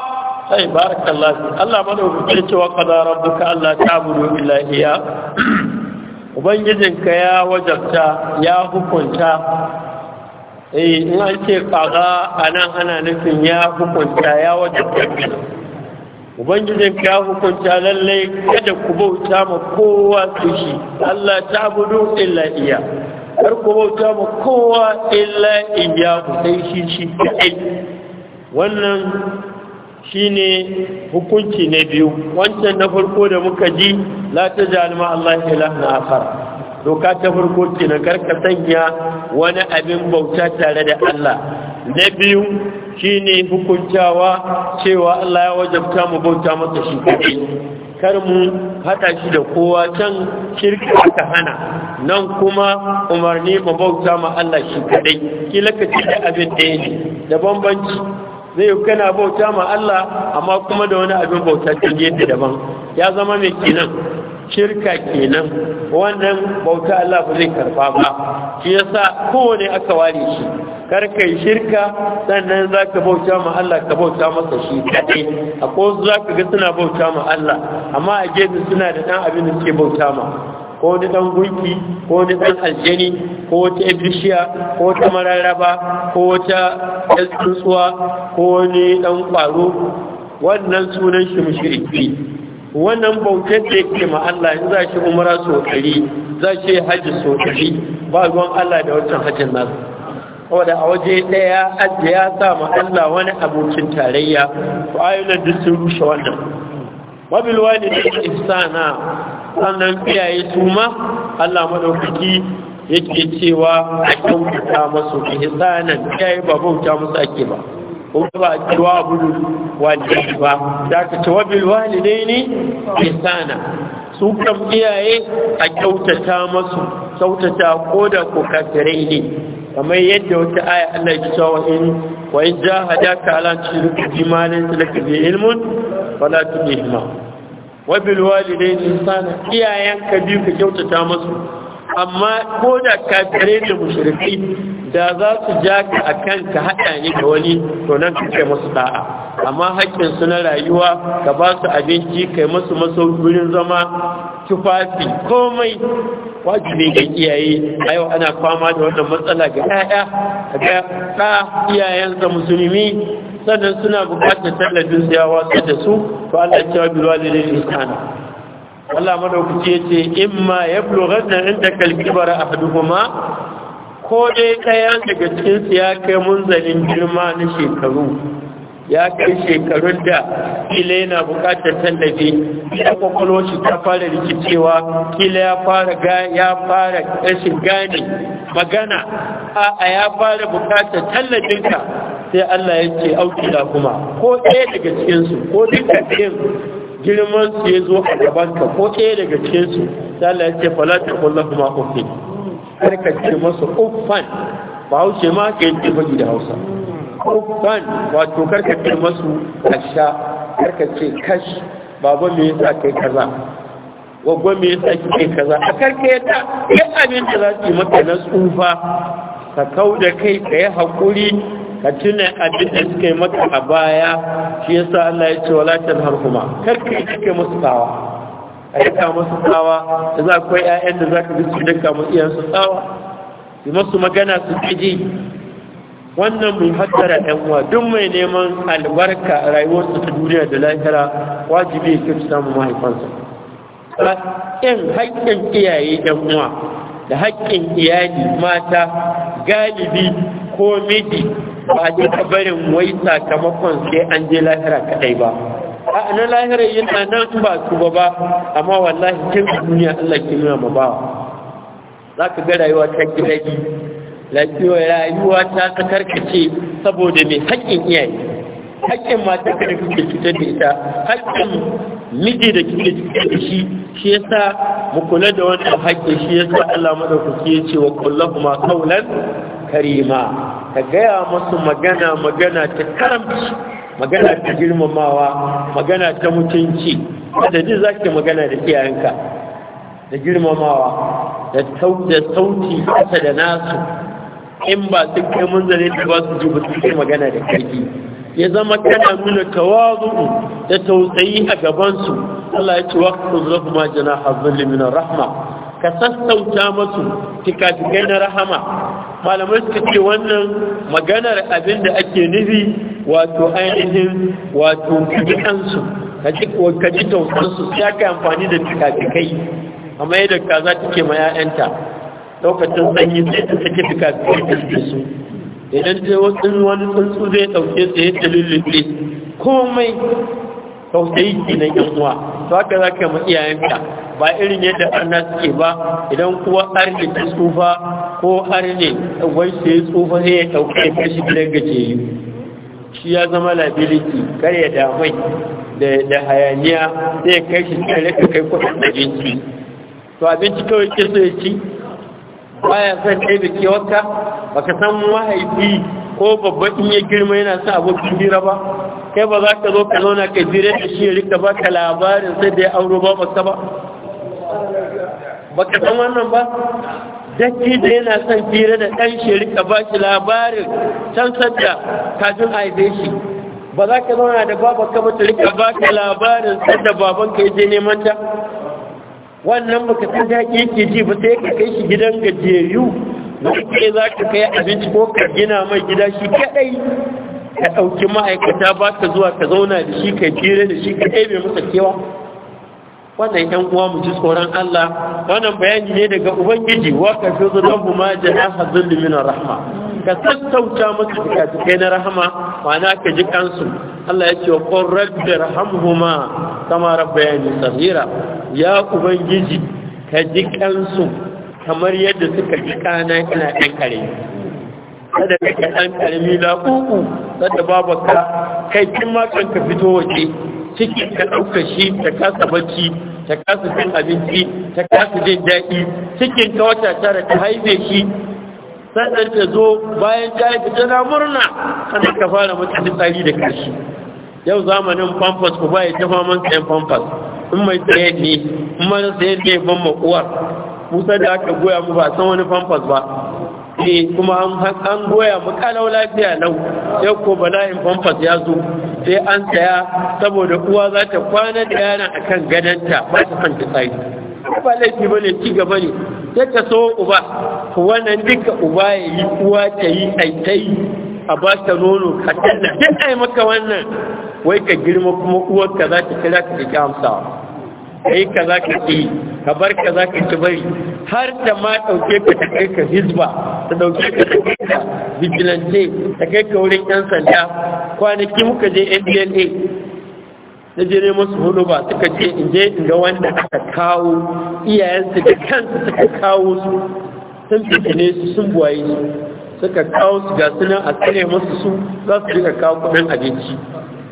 أي بارك الله فيك الله ملوك بيت وقضى ربك ألا تعبدوا إلا إياه وبنجزنك يا وجبتا يا حكمتا eh in an ce kaga a nan ana nufin ya hukunta ya wata tafi ubangijin ka hukunta lallai kada ku bauta ma kowa su shi Allah ta budu illa iya kar ku bauta ma kowa illa iya ku sai shi shi wannan shine hukunci na biyu wancan na farko da muka ji la ta jalma Allah ilaha akhar doka ta farko kenan karka sanya wani abin bauta tare da Allah na biyu shine hukuntawa cewa Allah ya wajabta mu bauta masa shi kadai kar mu haɗa shi da kowa can shirka aka hana nan kuma umarni mu bauta ma Allah shi kadai kila da abin da yake da bambanci zai kana bauta ma Allah amma kuma da wani abin bauta ta gefe daban ya zama mai kenan shirka kenan wannan bauta Allah ba zai karba ba shi yasa kowane aka ware shi kar kai shirka sannan zaka bauta ma Allah ka bauta masa shi kadai akwai zaka ga suna bauta ma Allah amma a gefe suna da ɗan abin da suke bauta ma ko wani ɗan gunki ko wani ɗan aljani ko wata bishiya ko wata mararraba ko wata tsuntsuwa ko wani ɗan ƙwaro wannan sunan shi mushriki wannan bautar da yake ma Allah in za shi umara so ɗari za shi hajji so ɗari ba ruwan Allah da wancan hajjin nasu wadda a waje ɗaya ajiye ya sa ma Allah wani abokin tarayya ko ayyunan duk sun rushe wannan wabilwa ne da ihsana sannan iyaye su ma Allah madaukaki yake cewa a kyautata masu ihsanan iyaye ba bauta musu ake ba kuma ba a cewa abu walidai ba da ka cewa bil walidai ne Isana. su kan iyaye a kyautata masu kyautata ko da ko kafirai ne kamar yadda wata aya Allah ya cewa in wa in ka ala tushrika bi ma laysa laka bi ilmun fala tubihima wa ne Isana iyayen ka biyu ka kyautata masu amma ko da kafirai da mushriki da za su ja ka a kan ka haɗa ni da wani to nan kake musu da'a amma haƙƙin su na rayuwa ka ba su abinci kai musu masaukurin zama tufafi komai wajibi ga iyaye a yau ana kwama da wannan matsala ga 'ya'ya ga ɗa iyayensa musulmi sannan suna buƙatar tallafin su ya wasa da su to Allah ya da bilwalidin ihsana Allah madaukaki yace imma yablughanna indaka al-kibara ko dai ɗaya daga cikinsu ya kai munzalin girma na shekaru ya kai shekarun da kila yana bukatar tallafi ya kwakwalo shi ta fara rikicewa kila ya fara ya fara gane magana a ya fara bukatar tallafinka sai Allah ya ce auki da kuma ko ɗaya daga cikinsu ko duka ɗin girman su ya zo a gabanka ko ɗaya daga cikinsu sai Allah ya ce falata kullum kuma ofin karkace masa uffan ba ce ma ka yi tafagi da hausa uffan wato karkace masu kasha karkace kash baba me yasa kai kaza gwagwa me yasa kai kaza a karkace yata kai abin da za su maka na tsufa ka kau da kai ka yi haƙuri ka tuna abin da suka yi maka a baya shi yasa Allah ya ce wala latin harkuma karkace kake musu tawa a yanka masu tsawa da za akwai 'ya'yan da za ka bi su yanka masu iyansu tsawa su masu magana su ji wannan mai hattara 'yan uwa duk mai neman albarka a rayuwarsa ta duniya da lahira wajibi ya kyautu samun mahaifansa haƙƙin haƙƙin iyaye 'yan uwa da haƙƙin iyali mata galibi ko miji ba a barin wai sakamakon sai an je lahira kaɗai ba na na yin yana nan ba su ba amma wallahi tun duniya Allah ke nuna ma ba. za ka ga rayuwa ta gidaji lafiya rayuwa ta ta karkace saboda mai haƙƙin iyaye haƙƙin mata da kuke cutar da ita haƙƙin miji da kuke cutar da shi shi yasa mu kula da wannan haƙƙin, shi yasa Allah madaukaki ya ce wa kullahuma qawlan karima ka gaya musu magana magana ta karamci magana ta girmamawa magana ta mutunci da duk za ki magana da iyayenka da girmamawa da sauti kasa da nasu in ba su kai munzare da ba su ji ba su kai magana da karfi ya zama kana nuna tawazu da tausayi a gabansu Allah ya ce waqtu zalafu ma janaha dhilli rahma ka sassauta masu tikafikai na rahama malamai suka ce wannan maganar abin da ake nufi wato ainihin wato kaji kansu kaji tausansu sai aka amfani da fikafikai amma yadda kaza ke ma 'ya'yanta lokacin sanyi sai ta take fikafikai ta suke su idan ta wasu wani tsuntsu zai ɗauke su ya talilin komai tausayi kenan yan uwa to haka za ka yi iyayenka ba irin yadda arna suke ba idan kuwa arne ta tsufa ko arne wai sai tsufa sai ya ɗauke ya shi gidan gajeyi shi ya zama labiliki kar ya damai da hayaniya sai ya kai shi tsare ka kai kudin abinci to abinci kawai ke so ya ci baya son ɗaya da wata. ba ka san mahaifi ko babban in ya girma yana sa abokin jira ba kai ba za ka zo ka zauna ka jira da shi rika ba ka labarin sai da ya auro ba ba ba ka san wannan ba dakki da yana son fira da ɗan shi rika ba shi labarin can sadda kafin haife shi ba za ka zauna da baban ka mata rika ba ka labarin sadda baban ka je neman ta wannan baka san ji ba sai ka kai shi gidan gajiyayyu da kai za ka kai abinci ko ka gina mai gida shi kaɗai ka ɗauki ma'aikata ba ka zuwa ka zauna da shi ka fira da shi ka mai masa kewa wannan yan uwa mu ji tsoron Allah wannan bayani ne daga ubangiji wa ka fi rabbu ma jaha zulli min rahma ka sassauta musu fikafikai na rahama na ka ji kansu Allah ya ce qur rabbi rahamhuma kama rabbayani sahira ya ubangiji ka ji kansu kamar yadda suka ji kana ina ɗan kare kada ka ɗan kare la uku sadda babu ka kai kin ma kanka ka fito waje cikin ta ɗaukar shi ta kasa bacci ta kasa cin abinci ta kasa jin daɗi cikin ta wata tara ta haife shi sannan ta zo bayan ta haifi tana murna sannan ka fara mata tsari da kashi yau zamanin pampas ku ba ya ta faman sayan pampas in mai tsaye ne in mana tsaye ne ban makuwar musa da aka goya mu ba san wani pampas ba eh kuma an goya mu lafiya nau Yau ko bala'in famfas ya zo sai an saya saboda uwa za ta kwana da yana akan gadanta ba ta san fitsari ba laifi ba ne ci gaba ne sai ka so uba wannan duka uba ya yi uwa ta yi aitai a ba ta nono ka talla ai maka wannan wai ka girma kuma uwarka za ta kira ka ki amsawa kai za ka ki ka bar za ka ci bari har da ma ɗauke ka ta kai ka hizba ta dauke ka ta kai ka vigilante ta kai ka wurin yan sanda kwanaki muka je NDLA na je ne musu hudu ba suka ce in je in ga wanda aka kawo iyayensu da kansu suka kawo su sun fitine su sun buwaye su suka kawo su ga sunan a tsare musu su za su ka kawo kudin abinci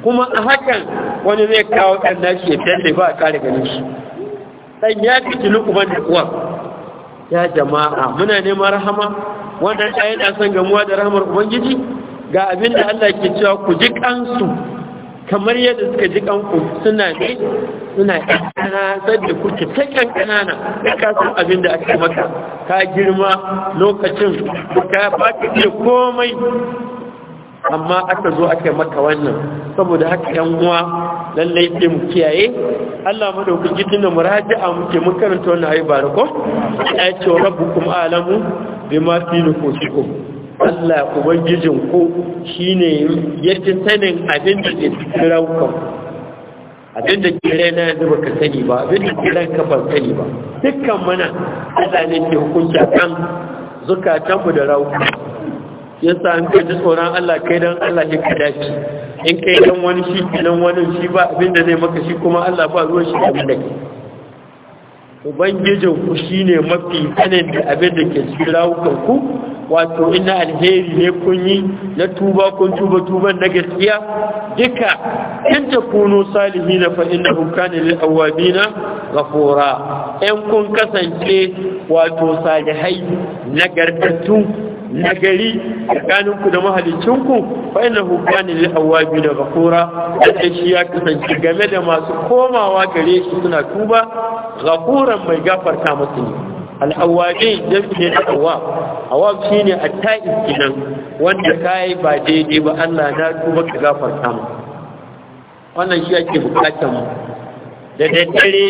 kuma a hakan wani zai kawo ɗan nashi ya ba a kare ganin shi ɗan ya kici lukuman da kuwa ya jama'a muna neman rahama wannan ɗaya yana son gamuwa da rahamar ubangiji ga abin da Allah ke cewa ku ji kansu kamar yadda suka ji kanku suna ne suna kankana da kuke ta kankanana da kasan abin da aka maka ka girma lokacin ka ba ka iya komai amma aka zo aka maka wannan saboda haka yan uwa lallai sai mu kiyaye Allah madaukaki tunda muraja'a muke mun karanta wannan ayi barako ai ce rabbukum alamu bima fi nufusikum Allah ubangijin ku shine yake sanin abin da ke cikin raukan abin da ke rena da baka ka sani ba abin da ke ranka ba sani ba dukkan mana Allah ne ke hukunta kan zukatanmu da rauka yasa an kai tsoron Allah kai dan Allah shi ka dace in kai dan wani shi dan wani shi ba abin da zai maka shi kuma Allah ba ruwan shi abin da ke ubangijin ku shine mafi tsanin da abin da ke cikin rawukan ku wato ina alheri ne kun yi na tuba kun tuba tuban na gaskiya duka in ta kuno salihi na fa inna kana lil awabina ghafura in kun kasance wato salihai nagartattu Nagari tsakaninku da mahalicinku fa inna hukani lil awabi da ghafura sai shi ya kasance game da masu komawa gare shi suna tuba ghafuran mai gafarta musu ne al awabi da ne da awab ne shine attai kinan wanda kai ba daidai ba Allah na tuba ka gafarta mu wannan shi ake bukatan mu da daddare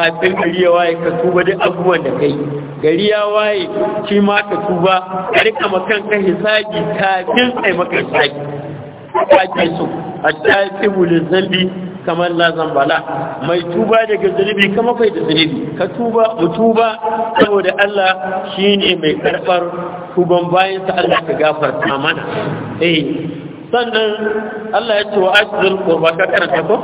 kafin gari ya waye ka tuba duk abubuwan da kai gari ya waye shi ma ka tuba a rika makan ka hisabi kafin sai maka hisabi ka ke so a tafi bulin zambi kamar lazan bala mai tuba daga zunubi kama kai da zunubi ka tuba mu tuba saboda Allah shine mai karbar tuban bayan sa Allah ka gafarta mana eh sannan Allah ya ce wa ajzul qurba ka karanta ko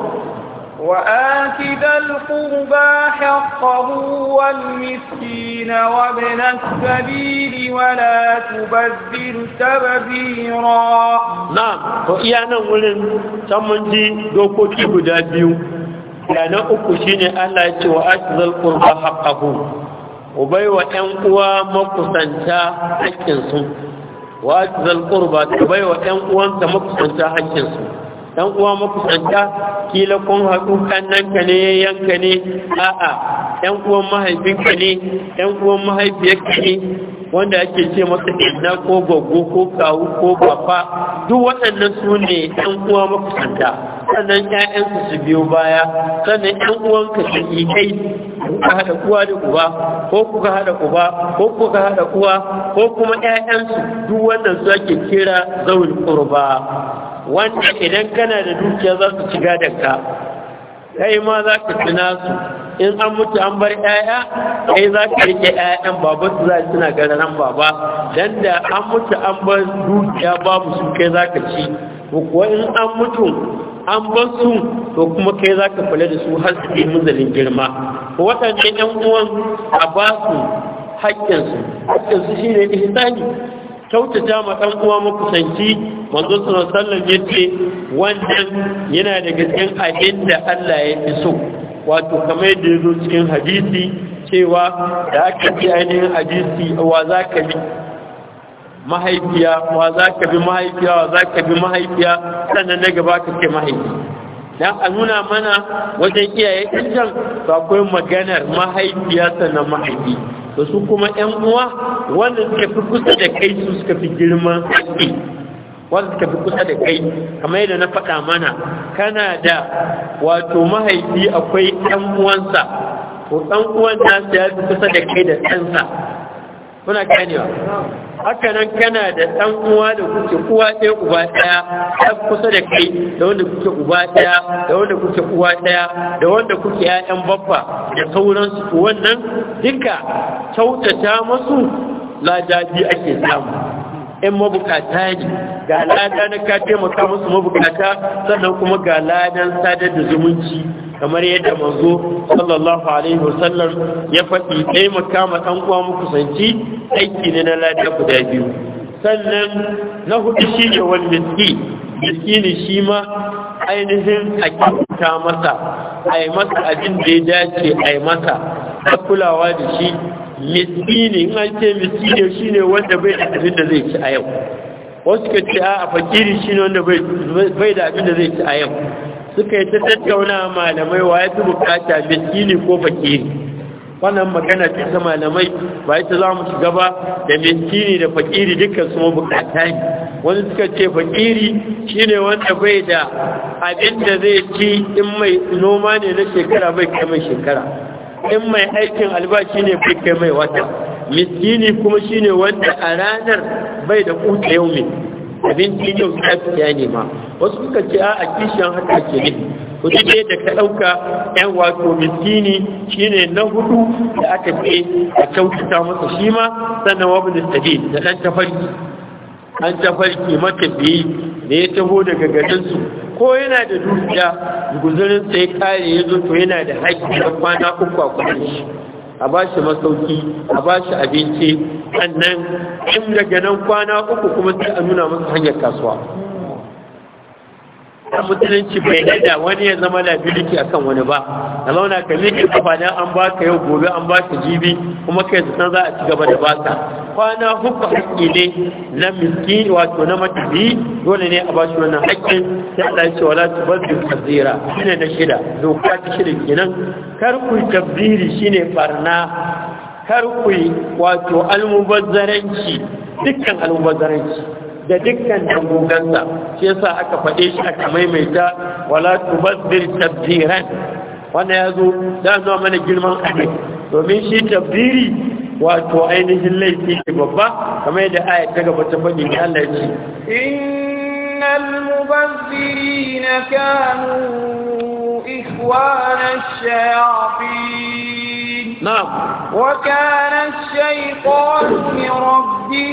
وآت ذا القربى حقه والمسكين وابن السبيل ولا تبذل تبذيرا نعم وإيانا نعم ولن تمنجي دو كوكي دابيو لأن نعم أكو شيني ألا يتوى آت ذا القربى حقه وبيوى أنقوى مقصنتا حكينسو وآت ذا القربى وبيوى أنقوى مقصنتا حكينسو dan uwa makusanta kila kun haɗu Kan nan ka ne yanka ne a'a yan uwan mahaifinka ne yan uwan mahaifiyarka ne wanda ake ce masa inna ko gogo ko kawu ko baba duk waɗannan su ne yan uwa makusanta sannan ƴaƴan su biyo baya sannan ƴan uwan ka su yi kai kuka haɗa uwa da uba ko kuka haɗa uba ko kuka haɗa uwa ko kuma su duk wannan su ake kira zaul qurba wanda idan kana da dukiya za su shiga da ka kai ma za ka tuna su in an mutu an bar ɗaya kai za ka rike ƴaƴan babu su za su na gararan baba don da an mutu an bar dukiya babu su kai za ka ci ko in an mutu an bar su to kuma kai za ka kula da su har su yi muzalin girma waɗanda ɗan uwan a ba su haƙƙinsu haƙƙinsu shi ne ihsani kyautata ma ɗan uwa makusanci manzo sallallahu alaihi yace wannan yana daga cikin abinda Allah ya fi so wato kamar yadda ya zo cikin hadisi cewa da aka ji ainihin hadisi wa za ka bi mahaifiya wa zaka ka bi mahaifiya wa zaka ka bi mahaifiya sannan na gaba ka ke mahaifi dan a nuna mana wajen iyaye ɗin ba akwai maganar mahaifiya sannan mahaifi da su kuma ƴan uwa wanda suka fi kusa da kai su suka fi girma. wanda suka fi kusa da kai kamar yadda na faɗa mana kana da wato mahaifi akwai ɗan uwansa Ko ɗan uwan nasu ya fi kusa da kai da ɗansa kuna ganewa haka nan kana da ɗan uwa da kuke uwa ɗaya uba ɗaya ɗan kusa da kai da wanda kuke uba ɗaya da wanda kuke uwa ɗaya da wanda kuke ƴaƴan babba da sauransu wannan duka kyautata musu lajaji ake samu in mabukata ne ga lada na ka taimaka musu mabukata sannan kuma ga ladan sadar da zumunci kamar yadda manzo sallallahu alaihi wasallam ya faɗi taimaka ma ɗan uwa makusanci aiki ne na lada guda biyu sannan na hudu shi ne wal miskini shi ma ainihin a kyauta masa a yi masa abin da ya dace a yi masa ta kulawa da shi miskini in an ce miskini shi ne wanda bai da abin da zai ci a yau wasu ka ce a fakiri shi ne wanda bai da abin da zai ci a yau suka yi ta tattauna malamai wa ya fi bukata miskini ko fakiri wannan magana ce ta malamai ba ita za mu shiga ba da miskini da fakiri dukkan su bukata ne wani suka ce fakiri shine wanda bai da abin da zai ci in mai noma ne na shekara bai kai mai shekara in mai aikin albashi ne bai kai mai wata miskini kuma shine wanda a ranar bai da kuta yau ne. abinci yau ta fiya ne ma wasu suka ce a kishin haka ke ne kudi ne da ka ɗauka yan wato miskini ne na hudu da aka fi a kyautata masa shi ma sannan da sabil da ɗan tafarki an tafarki matafiyi da ya taho daga garinsu ko yana da dukiya guzurin sai kare ya zo to yana da haƙƙi da kwana uku a kudin shi a ba shi masauki a ba shi abinci sannan in daga nan kwana uku kuma sai a nuna masa hanyar kasuwa dan musulunci bai dada wani ya zama a kan wani ba a zauna ka miƙe kafa dan an ka yau gobe an ba ka jibi kuma kai san za a ci gaba da baka kwana hukka haƙƙi ne na miski wato na matubi dole ne a shi wannan haƙƙin sai Allah ya ce wala tubaddu kazira shine na shida doka ta shida kenan kar ku tabbiri ne farna kar ku wato almubazzaranci dukkan almubazzaranci da dukkan dangogansa shi yasa aka faɗe shi aka maimaita wala tubazzir tabdiran wannan ya zo da zuwa mana girman abin domin shi tabdiri wato ainihin laifi ne babba kamar yadda aya ta gaba ta faɗi ne Allah ya ce innal mubazzirina kanu ikhwana shayatin Nàbù. Wọ́kẹ́rẹ́ ṣe ìkọ́ ní rọ̀bí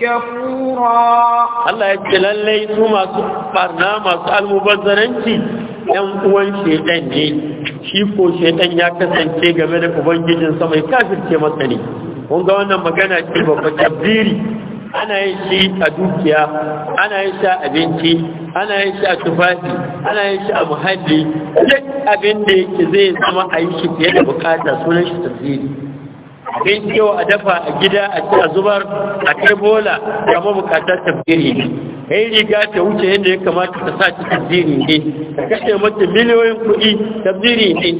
kẹfúrọ. Allah ya ce lalle su masu ɓarna masu almubazzaranci ‘yan uwan shaitan ne, shi ko shaitan ya kasance game da Ubangijin sama ya kafirce matsari. Wanda wannan magana ce babba kabiri. ana yin shi a dukiya ana yin shi a abinci ana yin shi a tufafi ana yin shi a muhalli duk abin da yake zai zama a yi shi fiye da bukata sunan shi tafsiri abin yau a dafa a gida a ci a zubar a kai bola kama bukatar tafsiri ne kai riga ta wuce yadda ya kamata ta sa ci tafsiri ne ta kashe mata miliyoyin kuɗi tafsiri ne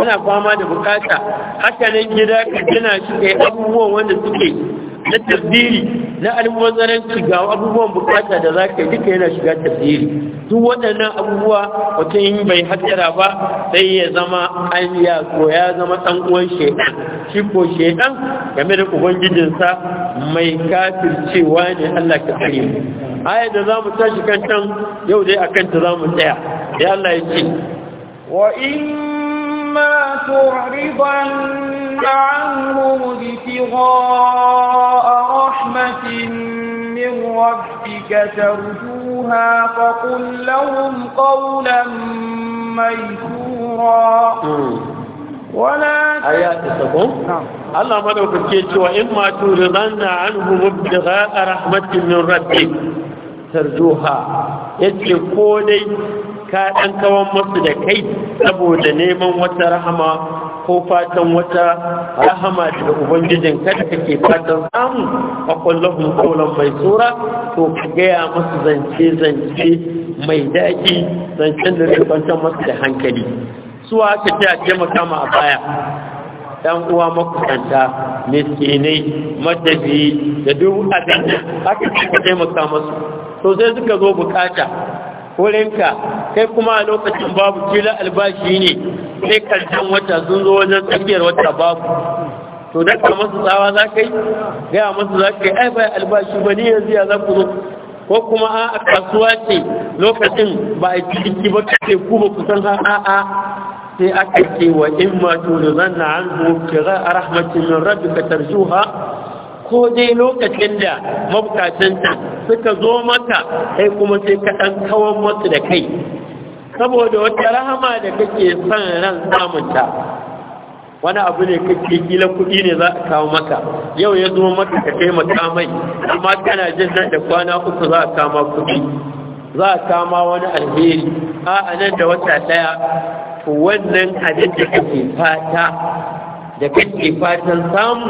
ana fama da bukata haka gida ka gina shi kai abubuwan wanda suke na tafdiri na almubazzaranci ga abubuwan bukata da za ka yi duka yana shiga tafdiri duk waɗannan abubuwa yin bai hatsara ba sai ya zama an ya ko ya zama ɗan uwan shaidan shi ko shaidan game da ubangijinsa mai cewa ne Allah ka tsare aya da za mu tashi kan can yau dai a kanta za mu tsaya ya Allah ya ce wa in إما تعرضن عنهم ابتغاء رحمة من ربك ترجوها فقل لهم قولا ميسورا ولا نعم. الله ما لو وإما تعرضن عنهم ابتغاء رحمة من ربك ترجوها يتكوني ka ɗan kawan masu da kai saboda neman wata rahama ko fatan wata rahama daga ubangijin kada kake fatan samu a kwallon kolon mai tsora to ka gaya masu zance-zance mai daɗi, zancen da zai ribantar masu da hankali suwa ka ta taimaka ma a baya ɗan uwa makusanta miskinai madadi da duk abin da aka taimaka masu to sai suka zo bukata wurinka kai kuma a lokacin babu kila albashi ne sai karshen wata sun zo wajen tsakiyar wata babu to da ka masu tsawa za ka yi gaya masu za ka yi ai bai albashi ba ne yanzu ya za ku zo ko kuma a kasuwa ce lokacin ba a ciki ba ka ce ku ba ku san a'a sai aka ce wa in ma to zan na an zo za a rahmatin rabi ka tarjuha ko dai lokacin da mabukatan suka zo maka sai kuma sai ka ɗan kawon masu da kai saboda wata rahama da kake son ran samunta wani abu ne kake kila kuɗi ne za a kawo maka yau ya zo maka ka taimaka mai amma kana jin da kwana uku za a kama kuɗi za a kama wani alheri a nan da wata ɗaya to wannan abin da kake fata da kake fatan samu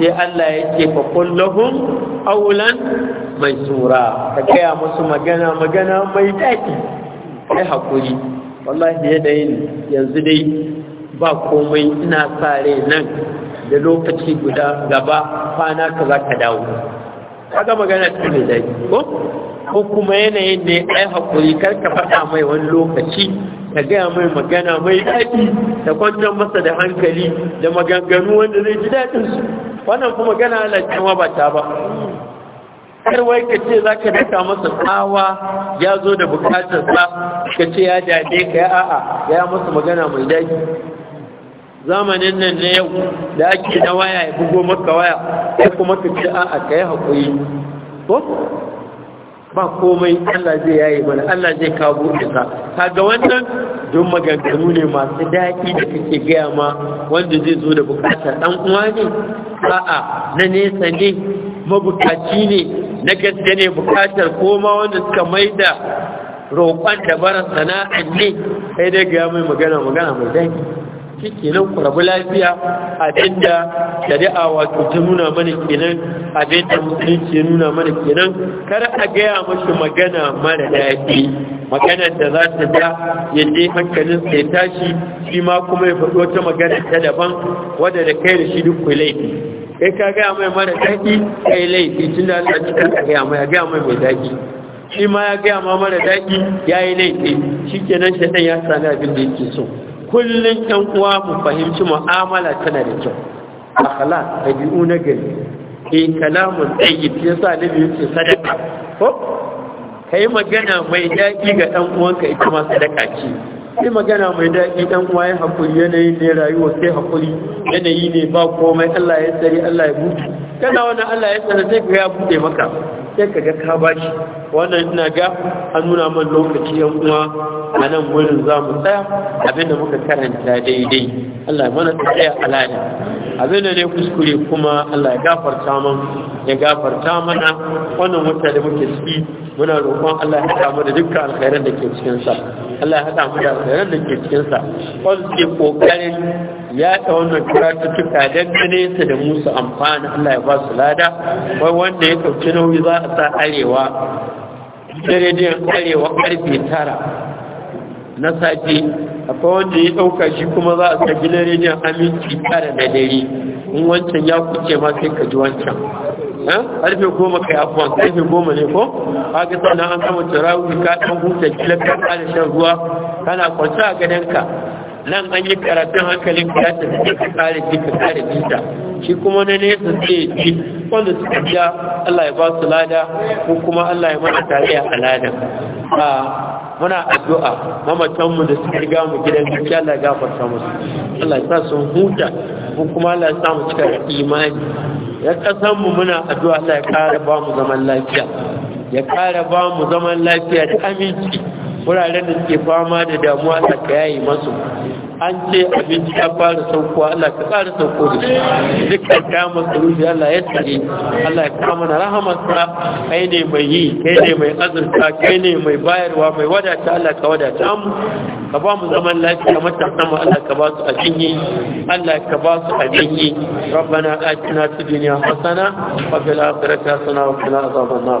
sai Allah ya ce fa kullahum aulan mai sura. ka kaya musu magana magana mai daɗi sai hakuri wallahi yanayin yanzu dai ba komai ina sa nan da lokaci guda gaba kwana ka za ka dawo kaga magana ta mai daɗi ko ko kuma yanayin da ya haƙuri kar ka faɗa mai wani lokaci ka gaya mai magana mai daɗi da kwantar masa da hankali da maganganu wanda zai ji daɗin su wannan kuma magana lalacewa ba ta ba kar wai ka ce za ka daka masa tsawa ya zo da bukatarsa ka ce ya dade ka ya a'a ya masa magana mai daɗi zamanin nan na yau da ake na waya ya bugo maka waya ya kuma ka ce a ka yi haƙuri ko ba komai Allah zai yayi mana Allah zai kawo Ka kaga wannan don maganganu ne masu daɗi da kake gaya ma wanda zai zo da bukatar ɗan uwa ne a'a na nesa ne mabukaci ne na gaske ne bukatar koma wanda suka maida roƙon da bara ne sai dai gaya mai magana magana mai daɗi kenan ku rabu lafiya abinda shari'a wato ta nuna mana kenan a abinda musulunci ya nuna mana kenan kar a gaya mashi magana mara daɗi magana da za ta da ya je hankalin sai tashi shi ma kuma ya faɗi wata magana ta daban wadda da kai da shi duk ku laifi kai ka gaya mai mara daɗi kai laifi tun da Allah ta gaya mai gaya mai mai daɗi shi ma ya gaya ma mara daɗi ya yi laifi shi kenan shaɗan ya sami abin da yake so kullum ɗan uwa mu fahimci mu'amala tana da kyau akhlaq biyu na gari ke eh, kalamun sa yasa nabi yace sadaka ko kai magana mai daɗi ga ɗan uwanka ita ma sadaka ce yi magana mai daɗi ɗan uwa ya haƙuri yanayi ne rayuwa sai haƙuri yanayi ne ba komai Allah ya tsari Allah ya buɗe kana wani Allah ya tsari zai ga ya buɗe maka sai ka ga ka bashi wannan ina ga an nuna man lokaci yan uwa a nan wurin za mu tsaya abinda muka karanta daidai Allah ya mana tsaya alani abinda ne kuskure kuma Allah ya gafarta man ya gafarta mana wannan wata da muke ciki muna roƙon Allah ya haɗa mu da dukkan alkhairan da ke cikin sa Allah ya haɗa mu da alkhairan da ke cikin sa wanda ke kokarin yaɗa wannan karatuttuka don dangane su da musu amfani Allah ya ba su lada wai wanda ya ɗauki nauyi za a sa arewa ta rediyon arewa karfe tara na safe akwai wanda ya ɗauka shi kuma za a sa gidan rediyon aminci tara na dare in wancan ya kuce ma sai ka ji wancan karfe goma kai afuwan karfe goma ne ko haka sannan an kama turawi ka ɗan huta kila ka ƙara shan ruwa kana kwanci a ka. nan an yi karatun hankalin ya da sai ka kare ji kare jinta shi kuma na nesa sai ji wanda suka biya Allah ya ba su lada ko kuma Allah ya mana tariya a ladan a muna addu'a mamatanmu da suka riga mu gidan gaskiya Allah ya gafarta musu Allah ya sa sun huta ko kuma Allah ya sa mu cika imani ya kasan mu muna addu'a Allah ya kare ba mu zaman lafiya ya kare ba mu zaman lafiya da aminci wuraren da suke fama da damuwa Allah ka yayi masu an ce abinci ya fara saukowa Allah ka fara sauko da shi dukkan kama surufi Allah ya tsare Allah ya kama na rahamarsa kai ne mai yi kai ne mai azurta kai ne mai bayarwa mai wadata Allah ka wadata mu ka ba mu zaman lafiya matasa mu Allah ka ba su a cinye Allah ka ba su a cinye rabbana atina fid dunya hasana wa fil akhirati hasana wa qina adhaban nar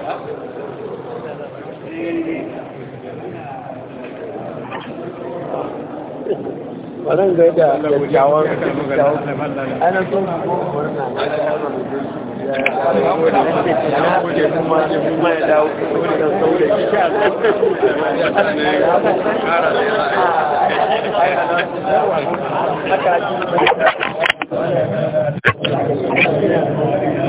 wannan ga da dattawan ana son murna na Thank you.